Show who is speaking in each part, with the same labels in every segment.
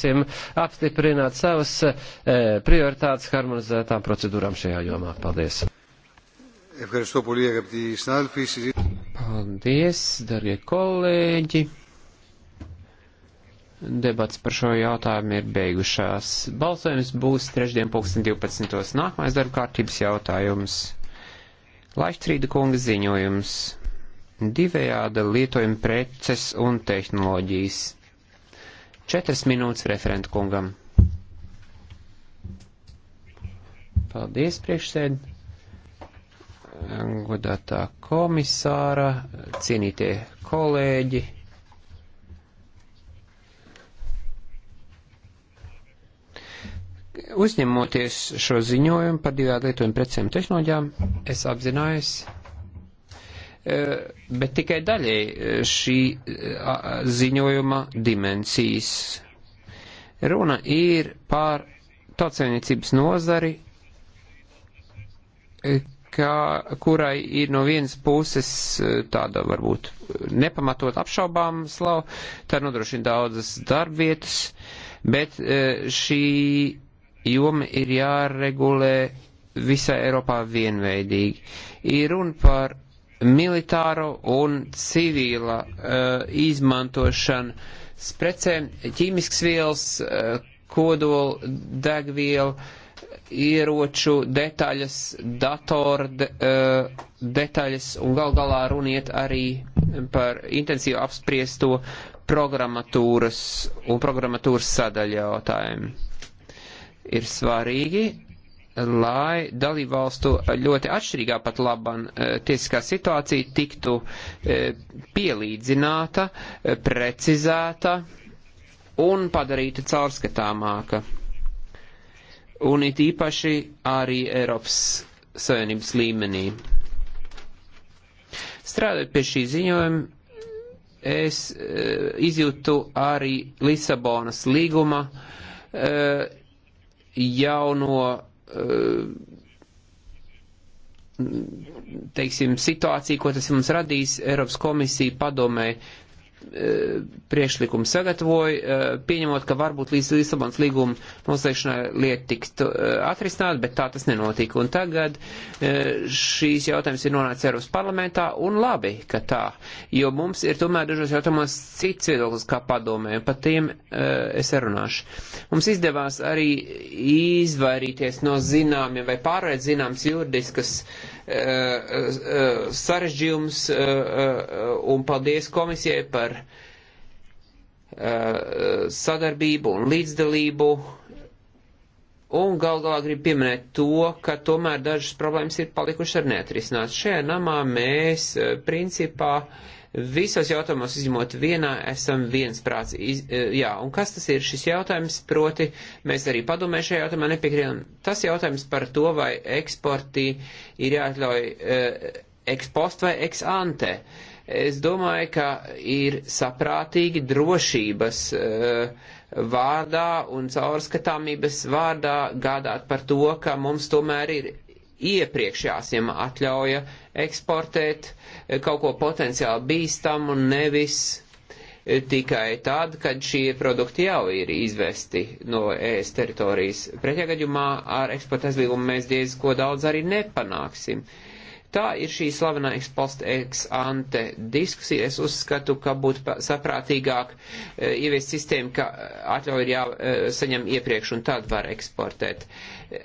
Speaker 1: varēsim apstiprināt savas e, prioritātes harmonizētām procedūrām šajā jomā. Paldies! Paldies,
Speaker 2: darbie kolēģi! Debats par šo jautājumu ir beigušās. Balsojums būs trešdien pulksten 12. Nākamais darba kārtības jautājums. Laištrīda kunga ziņojums. Divējāda lietojuma preces un tehnoloģijas. Četras minūtes referentu kungam. Paldies, priekšsēd. Godātā komisāra, cienītie kolēģi. Uzņemoties šo ziņojumu par divām lietojumu precēm tehnoloģijām, es apzinājos, Eh, bet tikai daļēji eh, šī eh, ziņojuma dimensijas. Runa ir par tautsēmniecības nozari, kā, kurai ir no vienas puses tāda varbūt nepamatot apšaubām slavu, tā nodrošina daudzas darbvietas, bet šī joma ir jāregulē visā Eiropā vienveidīgi. Ir runa par militāro un civila uh, eh, izmantošanas precēm, ķīmisks vielas, uh, kodola degvielu, ieroču detaļas, datora de, uh, detaļas un gal galā runiet arī par intensīvu apspriesto programmatūras un programmatūras sadaļu jautājumu. Ir svarīgi, lai dalībvalstu ļoti atšķirīgā pat laban eh, tiesiskā situācija tiktu eh, pielīdzināta, eh, precizēta un padarīta caurskatāmāka. Un it īpaši arī Eiropas Savienības līmenī. Strādājot pie šī ziņojuma, es e, izjūtu arī Lisabonas līguma e, jauno teiksim, situāciju, ko tas mums radīs, Eiropas komisija padomē E, priekšlikumu sagatavoja, e, pieņemot, ka varbūt līdz Lisabonas līguma noslēgšanai lieta tiktu e, atrisināt, bet tā tas nenotika. Un tagad šīs jautājums ir nonācis Eiropas parlamentā, un labi, ka tā, jo mums ir tomēr dažos jautājumos cits viedoklis kā padomē, un par tiem es runāšu. Mums izdevās arī izvairīties no zināmiem vai pārredz zināms juridiskas uh, Eh, eh, sarežģījums eh, un paldies komisijai par sadarbību un līdzdalību. Un gal galā gribu pieminēt to, ka tomēr dažas problēmas ir palikušas ar neatrisināts. Šajā namā mēs principā uh, Visos jautājumos, izņemot vienā, esam viensprāts. Iz, e, jā, un kas tas ir šis jautājums? Proti, mēs arī padomē šajā jautājumā nepiekrītam. Tas jautājums par to, vai eksportī ir jāatļauj ekspost vai eksante. Es domāju, ka ir saprātīgi drošības e, vārdā un caurskatāmības vārdā gādāt par to, ka mums tomēr ir iepriekš jāsiem atļauja eksportēt eh, kaut ko potenciāli bīstamu un nevis eh, tikai tad, kad šie produkti jau ir izvesti no ES teritorijas. Pretējā gadījumā ar eksporta aizliegumu mēs diez ko daudz arī nepanāksim. Uh, Tā ir šī slavenā ekspost ex ante diskusija. Es uzskatu, ka būtu saprātīgāk e, ieviest sistēmu, ka atļauja ir jāsaņem e, iepriekš un tad var eksportēt. E,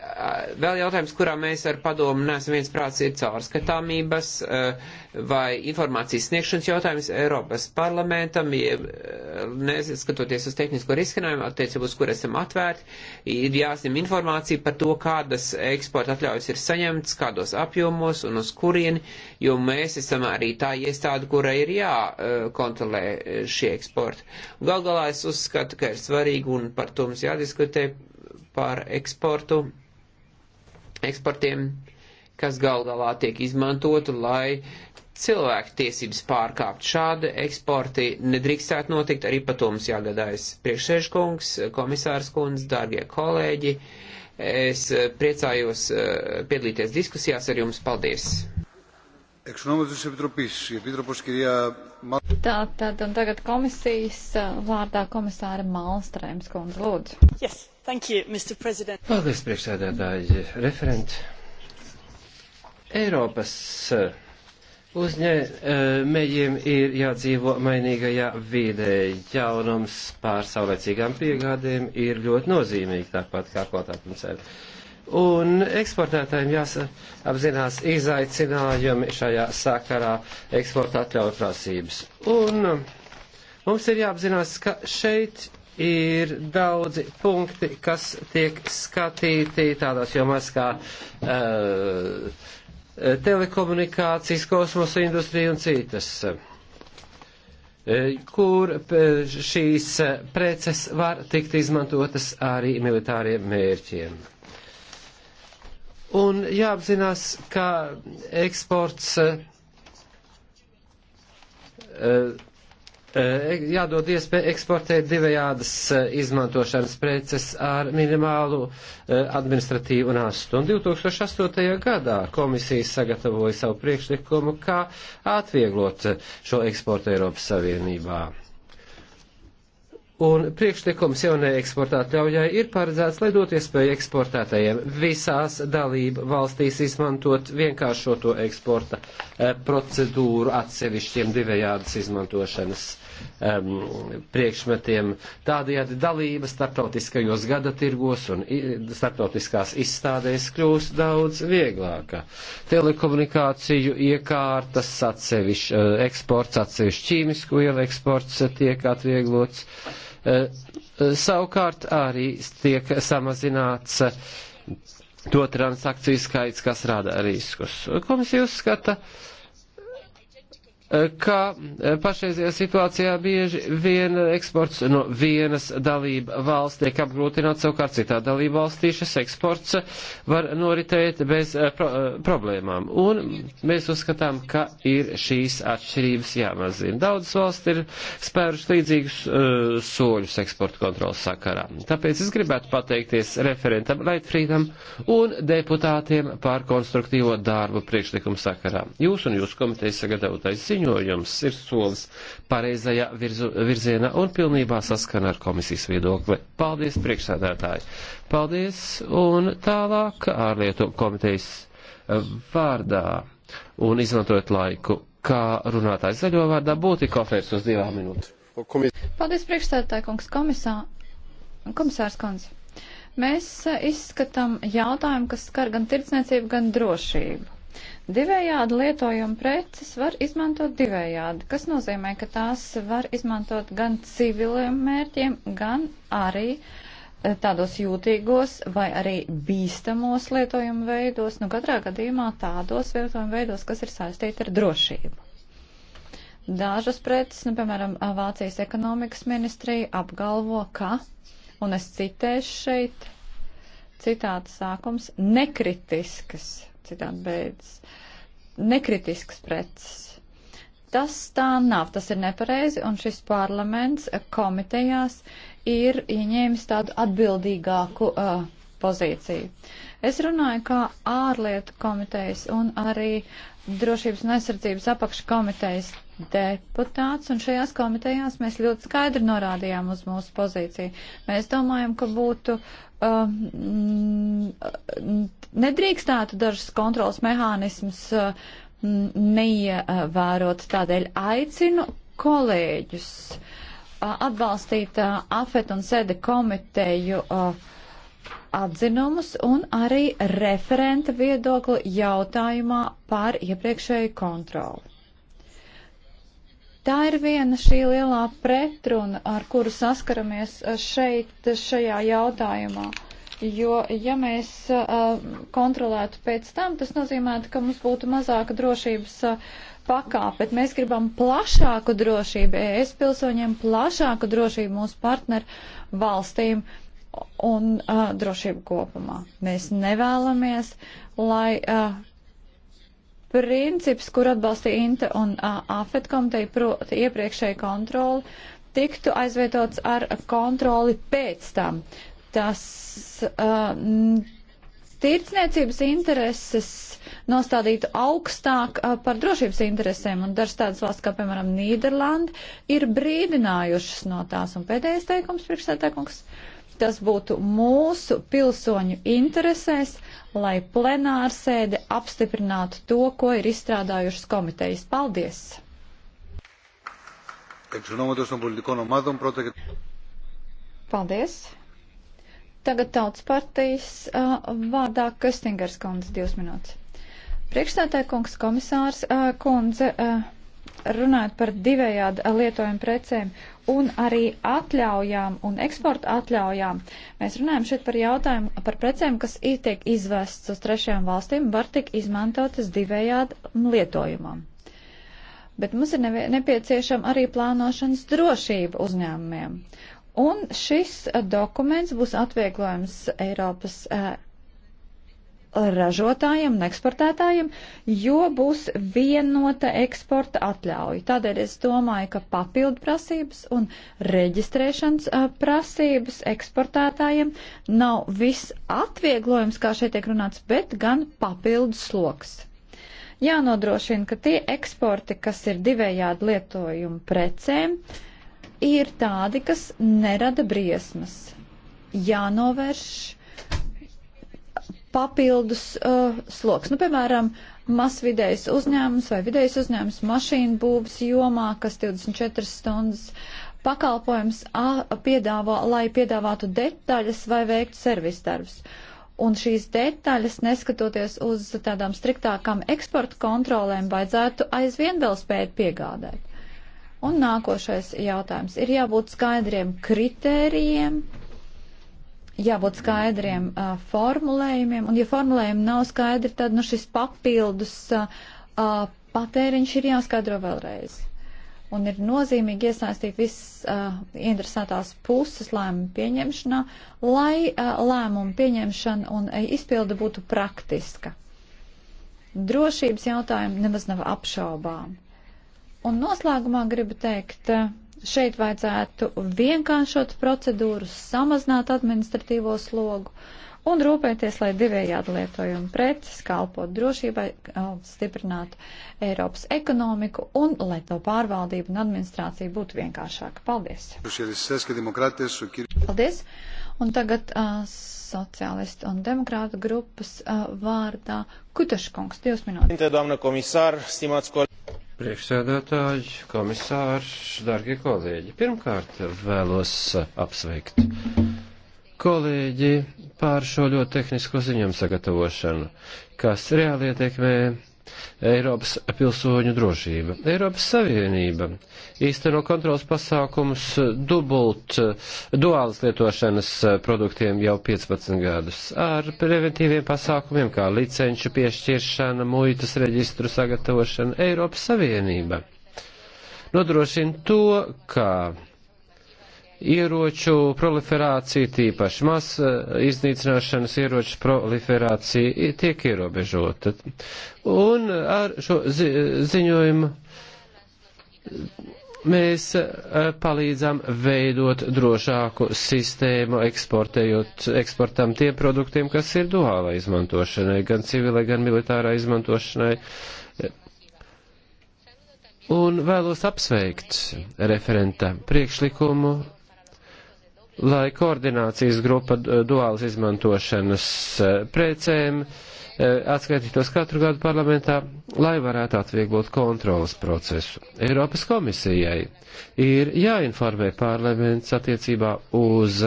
Speaker 2: vēl jautājums, kurā mēs ar padomu nesam viens prāts, ir caurskatāmības. Uh, vai informācijas sniegšanas jautājums Eiropas parlamentam, neskatoties uz tehnisko risinājumu, attiecībā uz kur esam atvērti, ir jāsņem informācija par to, kādas eksporta atļaujas ir saņemts, kādos apjomos un uz kurieni, jo mēs esam arī tā iestāde, kura ir jākontrolē eh, šie eksporti. Gal galā es uzskatu, ka ir svarīgi un par to mums jādiskutē par eksportu, eksportiem kas gal galā tiek izmantota, lai cilvēku tiesības pārkāpt. Šādi eksporti nedrīkstētu notikt, arī pat mums jāgadājas priekšsēžkungs, komisārs kundz, dārgie kolēģi. Es eh, priecājos eh, piedalīties diskusijās ar jums. Paldies!
Speaker 3: Tā tad un tagad komisijas eh, vārdā komisāra Malstrēms kundze lūdzu. Yes, thank you, Mr. President.
Speaker 1: Paldies, priekšsēdētāji, referenti. Eiropas uh, Uzņēmējiem ir jādzīvo mainīgajā vidē. Jaunums pār saulēcīgām piegādēm ir ļoti nozīmīgi, tāpat kā kvalitātums ir. Un eksportētājiem jāapzinās izaicinājumi šajā sakarā eksporta atļauju prasības. Un um, mums ir jāapzinās, ka šeit ir daudzi punkti, kas tiek skatīti tādās jomās kā. Uh, telekomunikācijas, kosmosa industrija un citas, e, kur šīs preces var tikt izmantotas arī militāriem mērķiem. Un jāapzinās, ka eksports e, Eh, jādod iespēja eksportēt divējādas eh, izmantošanas preces ar minimālu eh, administratīvu nastu. Un 2008. gadā komisija sagatavoja savu priekšlikumu, kā atvieglot šo eksportu Eiropas Savienībā. Un priekšlikums jaunajai eksportātļaujai ir paredzēts, lai dot iespēju eksportētājiem visās dalību valstīs izmantot vienkāršoto eksporta e, procedūru atsevišķiem divējādas izmantošanas um, priekšmetiem. Tādējādi dalība starptautiskajos gada tirgos un starptautiskās izstādēs kļūst daudz vieglāka. Telekomunikāciju iekārtas atsevišķi, eh, eksports atsevišķi ķīmisku vielu eksports tiek atvieglots. Uh, Eh, eh, savukārt arī tiek samazināts eh, to transakciju skaits, kas rada riskus. Komisija uzskata, uh, ka e, pašreizajā situācijā bieži vien eksports no vienas dalība valsts tiek apgrūtināts, savukārt citā dalība valstī šis eksports var noritēt bez e, pro e, problēmām. Un mēs uzskatām, ka ir šīs atšķirības jāmazina. Daudzas valsts ir spērušas līdzīgus uh, soļus eksporta kontrolas sakarā. Tāpēc es gribētu pateikties referentam Leitfrīdam un deputātiem par konstruktīvo darbu priekšlikumu sakarā. Jūs un jūs komitejas sagatavotais ziņu ziņojums ir solis pareizajā virzu, virzienā un pilnībā saskana ar komisijas viedokli. Paldies, priekšsēdētāji! Paldies! Un tālāk ārlietu komitejas eh, vārdā un izmantojot laiku, kā runātājs zaļo vārdā, būtu kofērs uz divām minūtēm.
Speaker 3: Paldies, priekšsēdētāji kungs, komisā, komisārs Kons. Mēs eh, izskatām jautājumu, kas skar gan tirdzniecību, gan drošību. Divējādi lietojuma preces var izmantot divējādi, kas nozīmē, ka tās var izmantot gan civiliem mērķiem, gan arī eh, tādos jūtīgos vai arī bīstamos lietojuma veidos, nu katrā gadījumā tādos lietojuma veidos, kas ir saistīti ar drošību. Dažas preces, nu, piemēram, Vācijas ekonomikas ministrija apgalvo, ka, un es citēšu šeit, citāts sākums, nekritiskas citādi beidzas, nekritisks preces. Tas tā nav, tas ir nepareizi, un šis parlaments komitejās ir ieņēmis tādu atbildīgāku uh, pozīciju. Es runāju kā ārlietu komitejas un arī drošības un aizsardzības apakškomitejas deputāts, un šajās komitejās mēs ļoti skaidri norādījām uz mūsu pozīciju. Mēs domājam, ka būtu Uh, mm, uh, nedrīkstētu dažas kontrolas mehānismus uh, neievērot. Tādēļ aicinu kolēģus atbalstīt AFET un SEDE komiteju atzinumus un arī referenta viedokli jautājumā par iepriekšēju kontroli. Tā ir viena šī lielā pretruna, ar kuru saskaramies eh, šeit, eh, šajā jautājumā. Jo, ja mēs uh, kontrolētu pēc tam, tas nozīmētu, ka mums būtu mazāka drošības uh, pakāpe, bet mēs gribam plašāku drošību ES pilsoņiem, plašāku drošību mūsu partneru valstīm un uh, drošību kopumā. Mēs nevēlamies, lai. Uh, princips, kur atbalstīja INTA un uh, AFET komiteja, proti iepriekšēja kontroli, tiktu aizvietots ar kontroli pēc tam. Tas uh, tirdzniecības intereses nostādītu augstāk uh, par drošības interesēm, un dažas tādas valsts, kā piemēram Nīderlanda, ir brīdinājušas no tās. Un pēdējais teikums priekšsētākums. Uh, Tas būtu mūsu pilsoņu interesēs, lai plenārsēde apstiprinātu to, ko ir izstrādājušas komitejas. Paldies! Paldies! Tagad tautas partijas uh, vārdā Köstingers kundze divas minūtes. Priekšstādāja kungs komisārs uh, kundze. Uh, runājot par divējādi lietojumu precēm un arī atļaujām un eksporta atļaujām, mēs runājam šeit par jautājumu par precēm, kas ir tiek izvestas uz trešajām valstīm, var tik izmantotas divējādi lietojumam. Bet mums ir nepieciešama arī plānošanas drošība uzņēmumiem. Un šis eh, dokuments būs atvieglojums Eiropas eh, ražotājiem un eksportētājiem, jo būs vienota eksporta atļauja. Tādēļ es domāju, ka papildu prasības un reģistrēšanas prasības eksportētājiem nav viss atvieglojums, kā šeit tiek runāts, bet gan papildu sloks. Jānodrošina, ka tie eksporti, kas ir divējādi lietojumi precēm, ir tādi, kas nerada briesmas. Jānovērš papildus uh, sloks. Nu, piemēram, masvidējs uzņēmums vai vidējs uzņēmums mašīnu būvas jomā, kas 24 stundas pakalpojums a, piedāvā, lai piedāvātu detaļas vai veiktu servisdarbus. Un šīs detaļas, neskatoties uz tādām striktākām eksporta kontrolēm, vajadzētu aizvien vēl spēt piegādāt. Un nākošais jautājums ir jābūt skaidriem kritērijiem, jābūt skaidriem uh, formulējumiem, un ja formulējumi nav skaidri, tad nu, šis papildus uh, patēriņš ir jāskaidro vēlreiz. Un ir nozīmīgi iesaistīt visas uh, interesētās puses lēmumu pieņemšanā, lai uh, lēmumu pieņemšana un uh, izpilda būtu praktiska. Drošības jautājumi nemaz nav apšaubām. Un noslēgumā gribu teikt, uh, Šeit vajadzētu vienkāršot procedūru, samazināt administratīvo slogu un rūpēties, lai divējādi lietojumi preces kalpot drošībai, stiprinātu Eiropas ekonomiku un lai to pārvaldību un administrācija būtu vienkāršāka. Paldies! Paldies! Un tagad uh, sociālistu un demokrātu grupas uh, vārdā Kutaškungs, divas
Speaker 2: minūtes.
Speaker 1: Priekšsēdētāji, komisārs, darbie kolēģi, pirmkārt vēlos apsveikt kolēģi pār šo ļoti tehnisko ziņojumu sagatavošanu, kas reāli ietekmē Eiropas pilsoņu drošība. Eiropas Savienība īsteno kontrols pasākumus dubult duālas lietošanas produktiem jau 15 gadus ar preventīviem pasākumiem kā licenču piešķiršana, muitas reģistru sagatavošana. Eiropas Savienība nodrošina to, ka ieroču proliferācija, tīpaši mas eh, iznīcināšanas ieroču proliferācija tiek ierobežota. Un ar šo zi ziņojumu mēs eh, palīdzam veidot drošāku sistēmu, eksportējot, eksportam tiem produktiem, kas ir duālai izmantošanai, gan civilai, gan militārai izmantošanai. Un vēlos apsveikt referenta priekšlikumu lai koordinācijas grupa duālas izmantošanas e, precēm e, atskaitītos katru gadu parlamentā, lai varētu atvieglot kontrolas procesu. Eiropas komisijai ir jāinformē parlaments attiecībā uz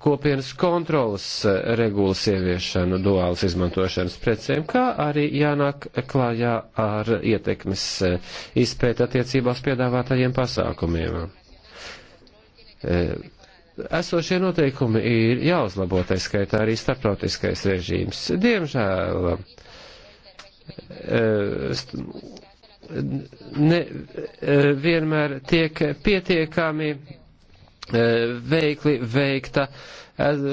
Speaker 1: kopienas kontrolas e, regulas ieviešanu duālas izmantošanas precēm, kā arī jānāk klājā ar ietekmes izpēt attiecībās piedāvātajiem pasākumiem. E, esošie noteikumi ir jāuzlabo, tā skaitā arī starptautiskais režīms. Diemžēl e, ne e, vienmēr tiek pietiekami veikli veikta uh,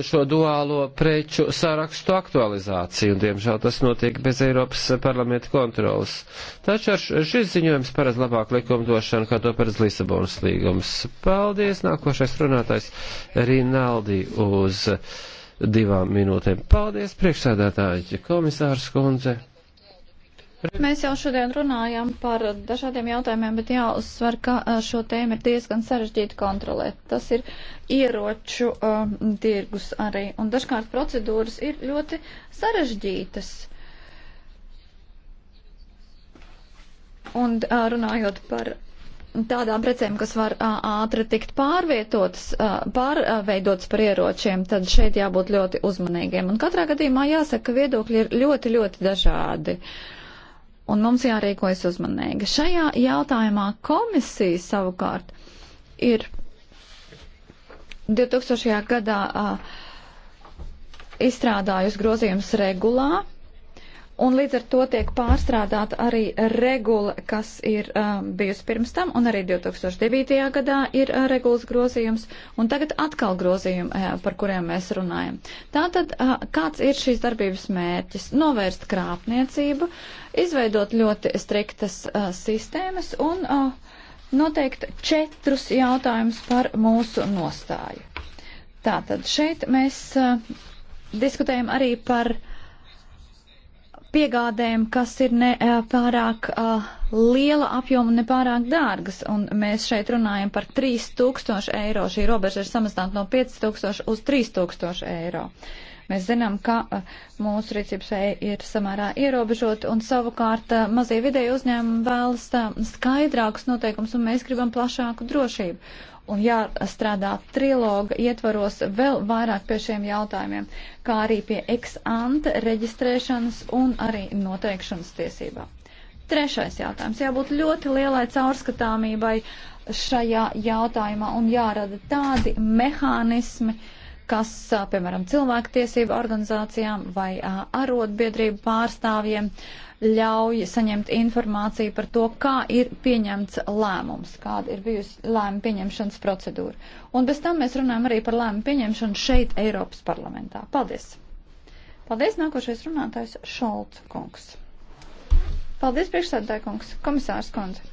Speaker 1: šo duālo preču sarakstu aktualizāciju, un diemžēl tas notiek bez Eiropas parlamenta kontrolas. Taču šis ziņojums paredz labāku likumdošanu, kā to paredz Lisabonas līgums. Paldies, nākošais runātājs Rinaldi uz divām minūtēm. Paldies, priekšsēdētāji, komisārs kundze.
Speaker 3: Mēs jau šodien runājam par dažādiem jautājumiem, bet jāuzsver, ka šo tēmu ir diezgan sarežģīti kontrolēt. Tas ir ieroču um, tirgus arī, un dažkārt procedūras ir ļoti sarežģītas. Un uh, runājot par tādām precēm, kas var ātri tikt pārvietotas, pārveidotas par ieročiem, tad šeit jābūt ļoti uzmanīgiem. Un katrā gadījumā jāsaka, ka viedokļi ir ļoti, ļoti dažādi. Uh, un mums jārīkojas uzmanīgi. Šajā jautājumā komisija savukārt ir 2000. gadā uh, izstrādājusi grozījums regulā Un līdz ar to tiek pārstrādāta arī regula, kas ir um, bijusi pirms tam, un arī 2009. gadā ir uh, regulas grozījums, un tagad atkal grozījumi, uh, par kuriem mēs runājam. Tātad, uh, kāds ir šīs darbības mērķis? Novērst krāpniecību, izveidot ļoti striktas uh, sistēmas un uh, noteikt četrus jautājumus par mūsu nostāju. Tātad šeit mēs uh, diskutējam arī par uh, piegādēm, kas ir ne pārāk uh, liela apjoma, ne pārāk dārgas. Un mēs šeit runājam par 3000 eiro. Šī robeža ir samazināta no 5000 uz 3000 eiro. Uh, Mēs zinām, ka mūsu rīcības vēja ir samērā ierobežota un savukārt mazie vidēji uzņēmumi vēlas skaidrākus noteikumus un mēs gribam plašāku drošību. Un jāstrādā triloga ietvaros vēl vairāk pie šiem jautājumiem, kā arī pie ex-ante reģistrēšanas un arī noteikšanas tiesībām. Trešais jautājums. Jābūt ļoti lielai caurskatāmībai šajā jautājumā un jārada tādi mehānismi, uh, kas, piemēram, cilvēktiesību organizācijām vai arotbiedrību pārstāvjiem ļauj saņemt informāciju par to, kā ir pieņemts lēmums, kāda ir bijusi lēma pieņemšanas procedūra. Un bez tam mēs runājam arī par lēmu pieņemšanu šeit Eiropas parlamentā. Paldies! Paldies, nākošais runātājs Šolts kungs. Paldies, priekšsēdētāj kungs, komisārs kundze.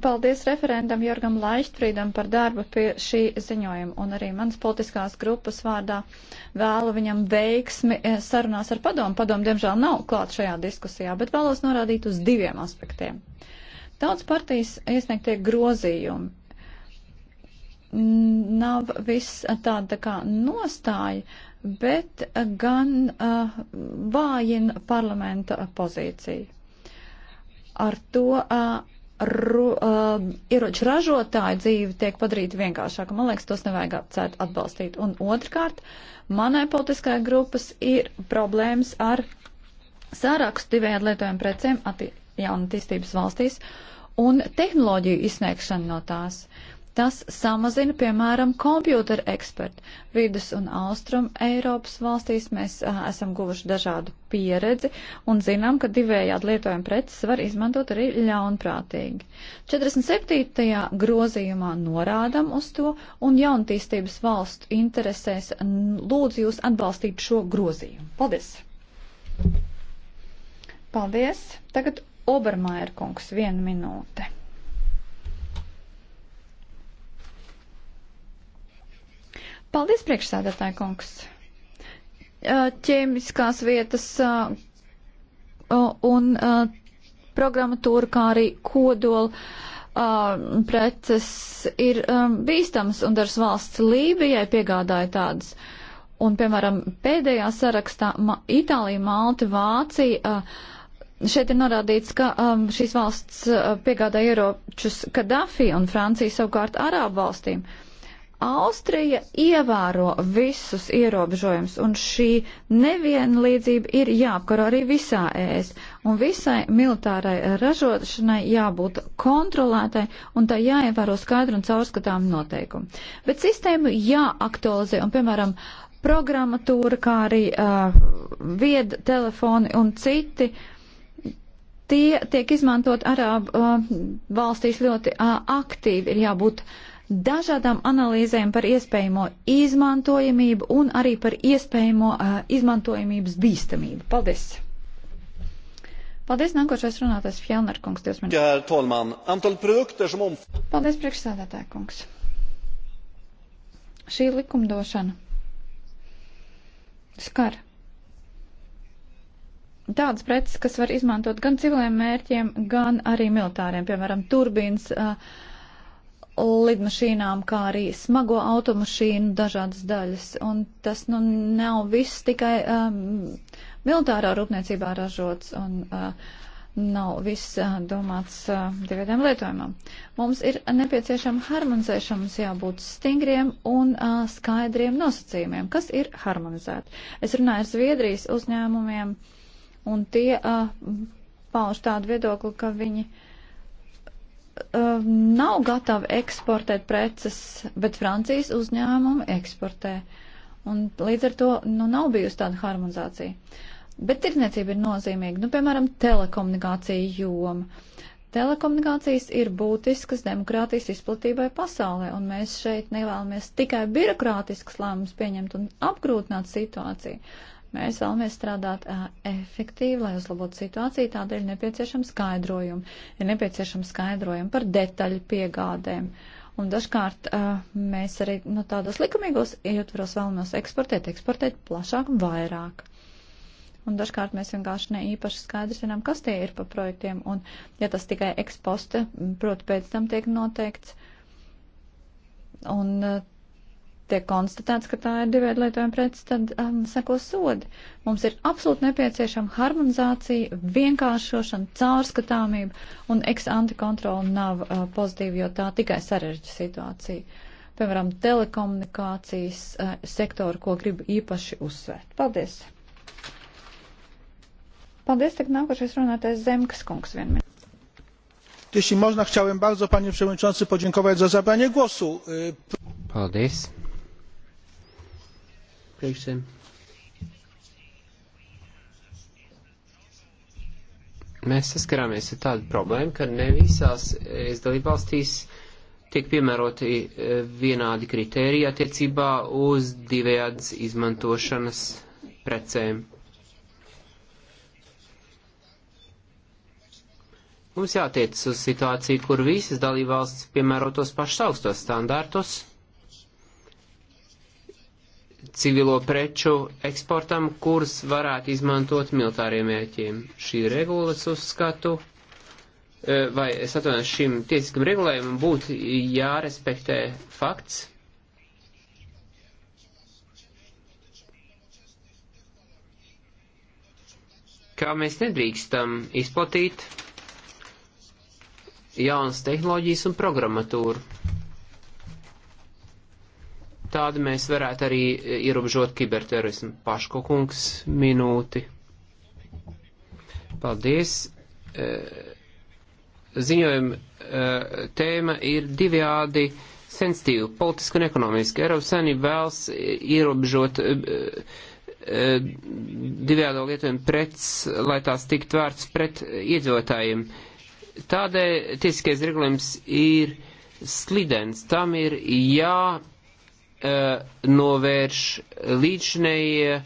Speaker 3: Paldies referendam Jorgam Laištfrīdam par darbu pie šī ziņojuma, un arī manas politiskās grupas vārdā vēlu viņam veiksmi eh, sarunās ar padomu. Padomu, diemžēl, nav klāt šajā diskusijā, bet vēlos norādīt uz diviem aspektiem. Daudz partijas iesniegtie grozījumi nav viss tāda kā nostāja, bet gan uh, vājina parlamenta pozīciju. Ar to uh, ru, uh, ieroču ražotāju dzīve tiek padarīta vienkāršāka. Man liekas, tos nevajag atcēt atbalstīt. Un otrkārt, manai politiskajai grupas ir problēmas ar sārakstu divējādi lietojumu precēm jaunattīstības valstīs un tehnoloģiju izsniegšanu no tās. Uh, Tas samazina, piemēram, kompjūtera ekspertu. Vidus un austrum Eiropas valstīs mēs a, esam guvuši dažādu pieredzi un zinām, ka divējādi lietojuma preces var izmantot arī ļaunprātīgi. 47. grozījumā norādam uz to un jauntīstības valstu interesēs lūdzu jūs atbalstīt šo grozījumu. Paldies! Paldies! Tagad Obermaier kungs, viena minūte. Paldies, priekšsēdētāji kungs. Ķēmiskās vietas un programmatūra, kā arī kodola preces ir bīstams, un dažas valsts Lībijai piegādāja tādas. Un, piemēram, pēdējā sarakstā ma Itālija, Malta, Vācija. Šeit ir norādīts, ka um, šīs valsts uh, piegādā ieročus Kadafī un Francija savukārt Arābu valstīm. Uh, Austrija ievēro visus ierobežojumus, un šī nevienlīdzība ir jāapkaro arī visā ēs. E un visai militārai ražošanai jābūt kontrolētai, un tā jāievēro skaidru un caurskatām noteikumu. Bet sistēmu jāaktualizē, un, piemēram, programmatūra, kā arī uh, vieda telefoni un citi uh, tie tiek izmantot arābu uh, valstīs ļoti uh, aktīvi. Ir jābūt dažādām analīzēm par iespējamo izmantojamību un arī par iespējamo uh, izmantojamības bīstamību. Paldies! Paldies, nākošais runātājs Fjellner kungs, 20
Speaker 1: minūtes.
Speaker 3: Paldies, priekšsādātāja kungs. Šī likumdošana skar tādas preces, kas var izmantot gan civiliem mērķiem, gan arī militāriem, piemēram, turbīnas. Uh, eh, lidmašīnām, kā arī smago automašīnu dažādas daļas. Un tas nu nav viss tikai um, militārā rūpniecībā ražots un uh, nav viss uh, domāts uh, dividēm lietojumam. Mums ir nepieciešama harmonizēšana, mums jābūt stingriem un uh, skaidriem nosacījumiem, kas ir harmonizēti. Es runāju ar Zviedrijas uzņēmumiem un tie uh, pauž tādu viedokli, ka viņi. Uh, uh, nav gatavi eksportēt preces, bet Francijas uzņēmumi eksportē. Un līdz ar to nu, nav bijusi tāda harmonizācija. Bet tirdzniecība ir nozīmīga. Nu, piemēram, telekomunikācija joma. Telekomunikācijas ir būtiskas demokrātijas izplatībai pasaulē, un mēs šeit nevēlamies tikai birokrātiskas lēmumus pieņemt un apgrūtināt situāciju. Mēs vēlamies strādāt uh, efektīvi, lai uzlabotu situāciju, tādēļ nepieciešama skaidrojuma. Ir nepieciešama skaidrojuma par detaļu piegādēm. Un dažkārt uh, mēs arī no nu, tādos likumīgos ietvaros vēlamies eksportēt, eksportēt plašāk un vairāk. Un dažkārt mēs vienkārši ne īpaši skaidri zinām, kas tie ir pa projektiem, un ja tas tikai eksposte, proti pēc tam tiek noteikts, un tiek konstatēts, ka tā ir divveidu lietojuma prece, tad um, seko sodi. Mums ir absolūti nepieciešama harmonizācija, vienkāršošana, caurskatāmība un ex-anti kontrola nav uh, pozitīva, jo tā tikai sarežģīta situācija. Piemēram, telekomunikācijas uh, sektoru, ko gribu īpaši uzsvērt. Paldies! Paldies, tagad nākošais runātais Zemkas kungs vienmēr.
Speaker 1: Jeśli można, chciałem bardzo, panie przewodniczący, podziękować za zabranie głosu. Paldies
Speaker 2: apspriekšsēm. Mēs saskarāmies ar tādu problēmu, ka ne visās es dalībvalstīs tiek piemēroti e, vienādi kriteriji attiecībā uz divējādas izmantošanas precēm. Mums jātiec uz situāciju, kur visas dalībvalstis piemēro tos pašus augstos standārtus civilo preču eksportam, kuras varētu izmantot militāriem mēķiem. Šī regulas uzskatu, e, vai es atvainojos, šim tiesiskam regulējumam būtu jārespektē fakts, ka mēs nedrīkstam izplatīt jaunas tehnoloģijas un programmatūru. Tādi mēs varētu arī ierobežot kiberterorismu. Paško kungs, minūti. Paldies. E, ziņojuma e, tēma ir divjādi sensitīva, politiski un ekonomiski. Eiropas Savienība vēlas ierobežot e, divjādo lietojumu prets, lai tās tiktu vērts pret iedzīvotājiem. Tādēļ tiesiskais regulējums ir slidens. Tam ir jā jānovērš eh, līdzinējie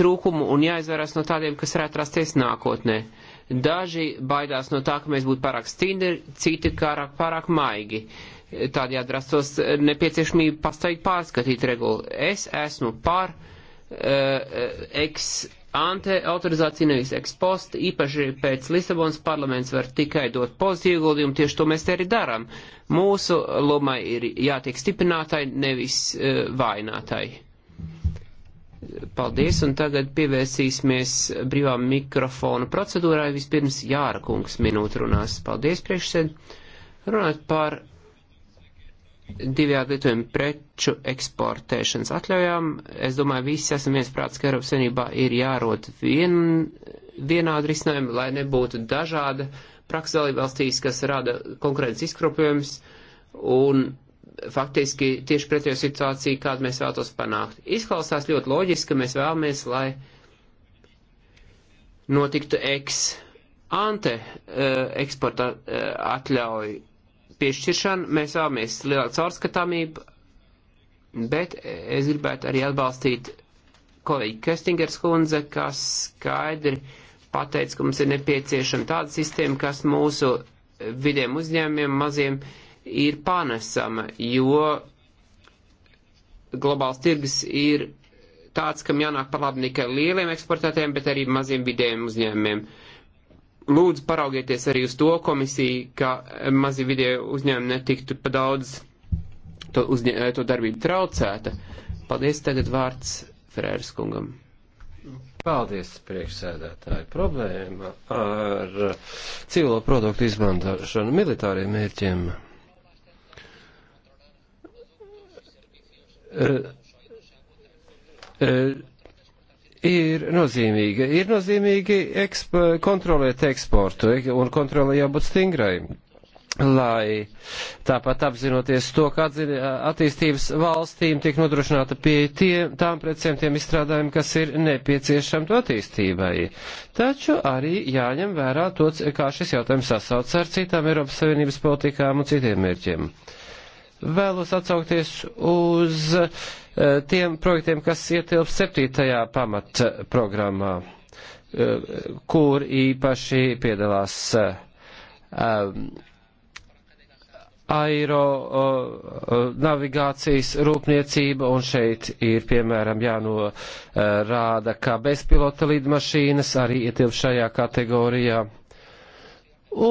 Speaker 2: trūkumu un jāizvairās no tādiem, kas varētu rasties nākotnē. Daži baidās no tā, ka mēs būtu pārāk stingri, citi pārāk, pārāk maigi. Tādējādi rastos nepieciešamība pastāvīgi pārskatīt regulu. Es esmu par uh, eh, eks eh, ante autorizācija nevis ekspost, īpaši pēc Lisabonas parlaments var tikai dot pozitīvu ieguldījumu, tieši to mēs te arī darām. Mūsu lomai ir jātiek stiprinātai, nevis uh, eh, vainātai. Paldies, un tagad pievērsīsimies brīvā mikrofona procedūrai. Vispirms Jāra kungs minūte runās. Paldies, priekšsēd. Runāt par divējādi lietojumu preču eksportēšanas atļaujām. Es domāju, visi esam viensprāts, ka Eiropas Savienībā ir jārod vien, vienādi risinājumi, lai nebūtu dažāda praksa dalībvalstīs, kas rada konkurences izkropļojums un faktiski tieši pretējo situāciju, kādu mēs vēlamies panākt. Izklausās ļoti loģiski, ka mēs vēlamies, lai notiktu eks ante eh, eksporta eh, atļauju piešķiršanu, mēs vēlamies lielāku caurskatāmību, bet es gribētu arī atbalstīt kolēģi Kestingers kundze, kas skaidri pateica, ka mums ir nepieciešama tāda sistēma, kas mūsu vidiem uzņēmiem maziem ir panesama, jo globāls tirgus ir tāds, kam jānāk par labu ne tikai lieliem eksportētājiem, bet arī maziem vidējiem uzņēmumiem. Uh, lūdzu paraugieties arī uz to komisiju, ka mazi video uzņēmumi netiktu pa daudz to, uzņē, to darbību traucēta. Paldies, tagad vārds Ferēras kungam.
Speaker 1: Paldies, priekšsēdētāji. Problēma ar civilo produktu izmantošanu militāriem mērķiem. Uh, uh, ir nozīmīga. Ir nozīmīgi ekspo, kontrolēt eksportu un kontrolē jābūt stingrai. Lai tāpat apzinoties to, ka attīstības valstīm tiek nodrošināta pie tiem, tām precēm, tiem izstrādājumiem, kas ir nepieciešami to attīstībai. Taču arī jāņem vērā to, kā šis jautājums sasauc ar citām Eiropas Savienības politikām un citiem mērķiem. Uh, vēlos atsaukties uz eh, tiem projektiem, kas ietilps septītajā pamatprogrammā, eh, kur īpaši piedalās eh, aero navigācijas rūpniecība, un šeit ir, piemēram, jānorāda, ka bezpilota lidmašīnas arī ietilp šajā kategorijā.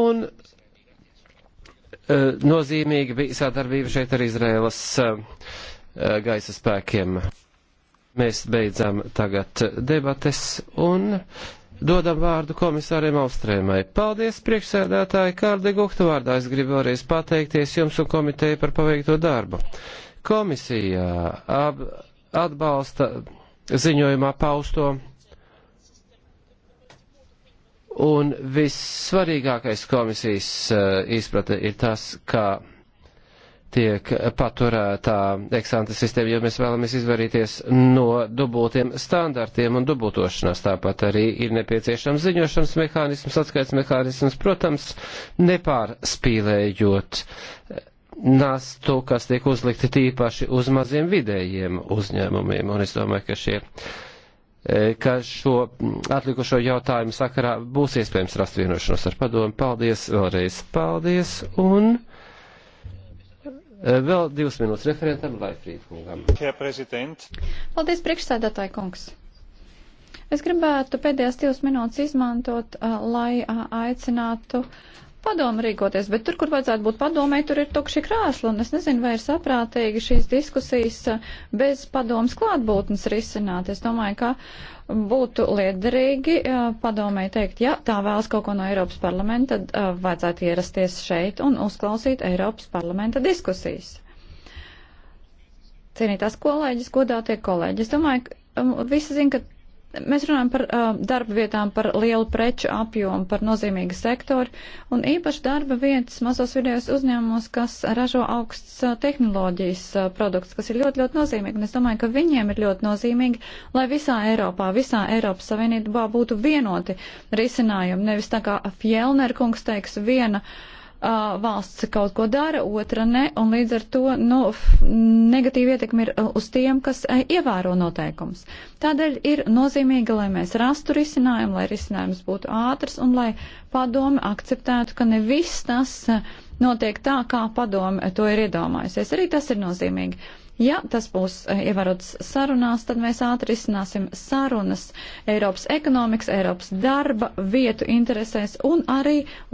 Speaker 1: Un Eh, nozīmīga bija sadarbība šeit ar Izraēlas eh, gaisa spēkiem. Mēs beidzam tagad debates un dodam vārdu komisāriem Austrēmai. Paldies, priekšsēdētāji Kārde Gukta vārdā. Es gribu vēlreiz pateikties jums un komiteju par paveikto darbu. Komisija atbalsta ziņojumā pausto Un vissvarīgākais komisijas eh, izprate ir tas, kā tiek paturētā eksāmena sistēma, jo mēs vēlamies izvairīties no dubultiem standartiem un dubultošanās. Tāpat arī ir nepieciešams ziņošanas mehānisms, atskaits mehānisms, protams, nepārspīlējot nastu, kas tiek uzlikti tīpaši uz maziem vidējiem uzņēmumiem. Un es domāju, ka šie E, ka šo atlikušo jautājumu sakarā būs iespējams rast vienošanos ar padomu. Paldies, vēlreiz paldies, un e, vēl divas minūtes referentam Laifrīd kungam. Paldies,
Speaker 3: priekšsēdētāji kungs. Es gribētu pēdējās divas minūtes izmantot, lai aicinātu padomu rīkoties, bet tur, kur vajadzētu būt padomē, tur ir tukši krāsli, un es nezinu, vai ir saprātīgi šīs diskusijas eh, bez padomas klātbūtnes risināt. Es domāju, ka būtu liederīgi eh, padomē teikt, ja tā vēlas kaut ko no Eiropas parlamenta, tad eh, vajadzētu ierasties šeit un uzklausīt Eiropas parlamenta diskusijas. Cienītās kolēģis, godātie kolēģi, es domāju, um, visi zina, ka Mēs runājam par uh, darba vietām, par lielu preču apjomu, par nozīmīgu sektoru un īpaši darba vietas mazos vidējos uzņēmumos, kas ražo augsts uh, tehnoloģijas uh, produkts, kas ir ļoti, ļoti nozīmīgi. Un es domāju, ka viņiem ir ļoti nozīmīgi, lai visā Eiropā, visā Eiropas Savienībā būtu vienoti risinājumi. Nevis tā kā Fjellner kungs teiks viena. Uh, uh, valsts kaut ko dara, otra ne, un līdz ar to nu, negatīva ietekme ir uz tiem, kas uh, ievēro noteikumus. Tādēļ ir nozīmīgi, lai mēs rastu risinājumu, lai risinājums būtu ātrs un lai padome akceptētu, ka ne viss tas uh, notiek tā, kā padome to ir iedomājusies. Arī tas ir nozīmīgi. Ja tas būs eh, ievērots sarunās, tad mēs ātri izsināsim sarunas Eiropas ekonomikas, Eiropas darba vietu interesēs un arī,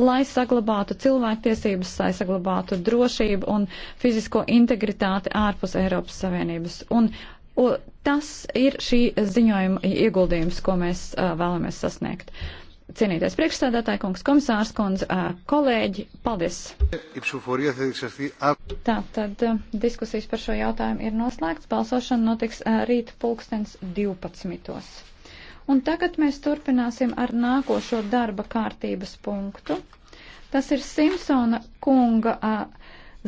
Speaker 3: lai saglabātu cilvēktiesības, lai saglabātu drošību un fizisko integritāti ārpus Eiropas Savienības. Un, un tas ir šī ziņojuma ieguldījums, ko mēs uh, vēlamies sasniegt. Uh, cienītais priekšstādātāji, kungs, komisārs, kundz, kolēģi, paldies! Tā, tad diskusijas par šo jautājumu ir noslēgts. Balsošana notiks rīt pulkstens 12. Un tagad mēs turpināsim ar nākošo darba kārtības punktu. Tas ir Simpsona kunga. Uh,